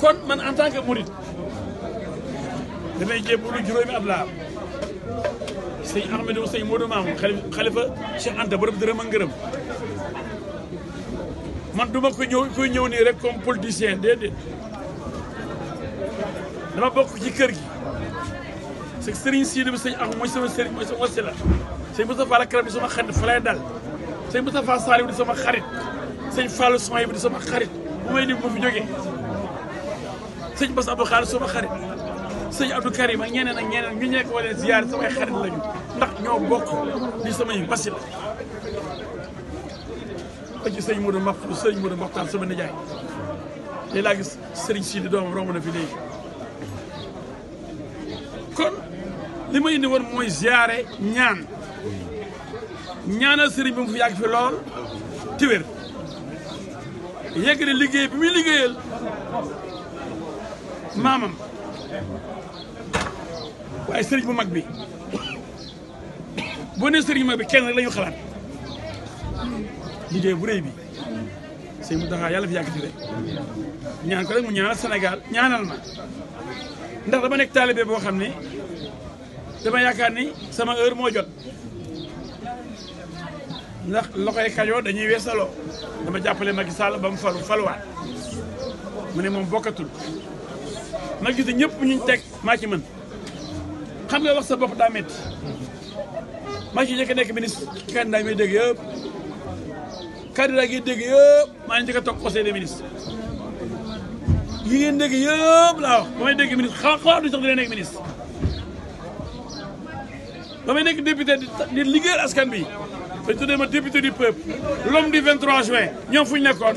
kon man en tant que murid damay jébbalu juróomi ab laa sëñ Ahmadou sëñ Modou Mamoun xalifa Cheikh Anta borom dërëm ak ngërëm man duma ko ñëw koy ñëw nii rek comme politicien déedéet dama bokk ci kër gi parce que sëriñ Sidi bi sëñ Ahmadou mooy sama sëriñ mooy sama wasila sëñ Moustapha la bi sama xarit fa lay dal sëñ Moustapha Saliou di sama xarit sëñ Fallou Soumaï bi di sama xarit bu may ni bu ma sëñ Bass Abdou Khadre sama xarit sëñ Abdou Karim ak ñeneen ak ñeneen ñu nekk wala ziar samay xarit lañu ndax ñoo bokk li samay basi la ba ci sëñ Modou Mafou sëñ Modou Mokhtar sama nijaay léegi laa gis Serigne Sidi doomam romb na fi léegi kon li ma indi woon mooy ziare ñaan ñaanal Serigne bi mu fi yàgg fi lool ci wér yegg ne liggéey bi muy liggéeyal maamam waaye sëriñ bu mag bi boo nee sëriñ bu mag bi kenn rek la ñu xalaat liggéey bu rëy bi sëñ mu taxaa yàlla fi yàggati rek ñaan ko rek mu ñaanal Sénégal ñaanal ma ndax dama nekk taalibe boo xam ne dama yaakaar ni sama heure moo jot ndax loxoy Kajoor dañuy weesaloo dama jàppale Macky Sall ba mu falu faluwaat mu ne moom bokkatul ma gis ne ñëpp ñu teg maa ci mën xam nga wax sa bopp daa métti maa ci njëkk nekk ministre candidat yi may dégg yëpp candidat yi dégg yëpp maa ngi njëkk a toog conseil des ministres yi ngeen dégg yëpp laa wax dégg ministre xaw xaw du sax nekk ministre ba may nekk député di liggéeyal askan bi dañ tuddee ma député du peuple l'homme du 23 juin ñoom fu ñu nekkoon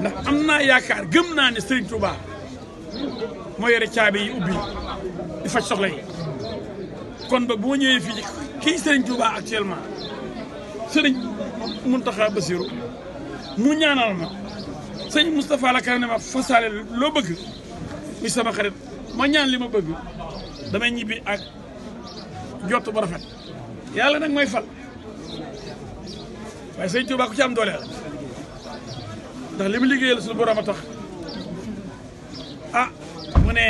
ndax am naa yaakaar gëm naa ne Serigne Touba moo yore caabi yi ubbi di faj soxla yi kon ba bu ma ñëwee fii kii Serigne Touba actuellement Serigne Mountakha Bassirou mu ñaanal ma sëñ Moustapha Lakar ne ma fasaale loo bëgg muy sama xarit ma ñaan li ma bëgg damay ñibbi ak jott bu rafet yàlla nag mooy fal waaye Serigne Touba ku ci am doole la ndax li mu liggéeyal suñu borom a tax ah mu ne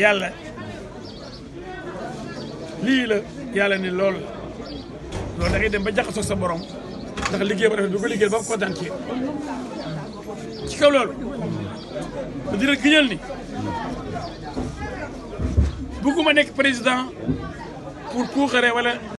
yàlla lii la yàlla ni lool loolu da ngay dem ba jaxasoo sa borom ndax liggéey ba rafet bi ko liggéeyal ba mu kontaan ci ci kaw loolu da dina giñal ni bëgguma nekk président pour kuuxare wala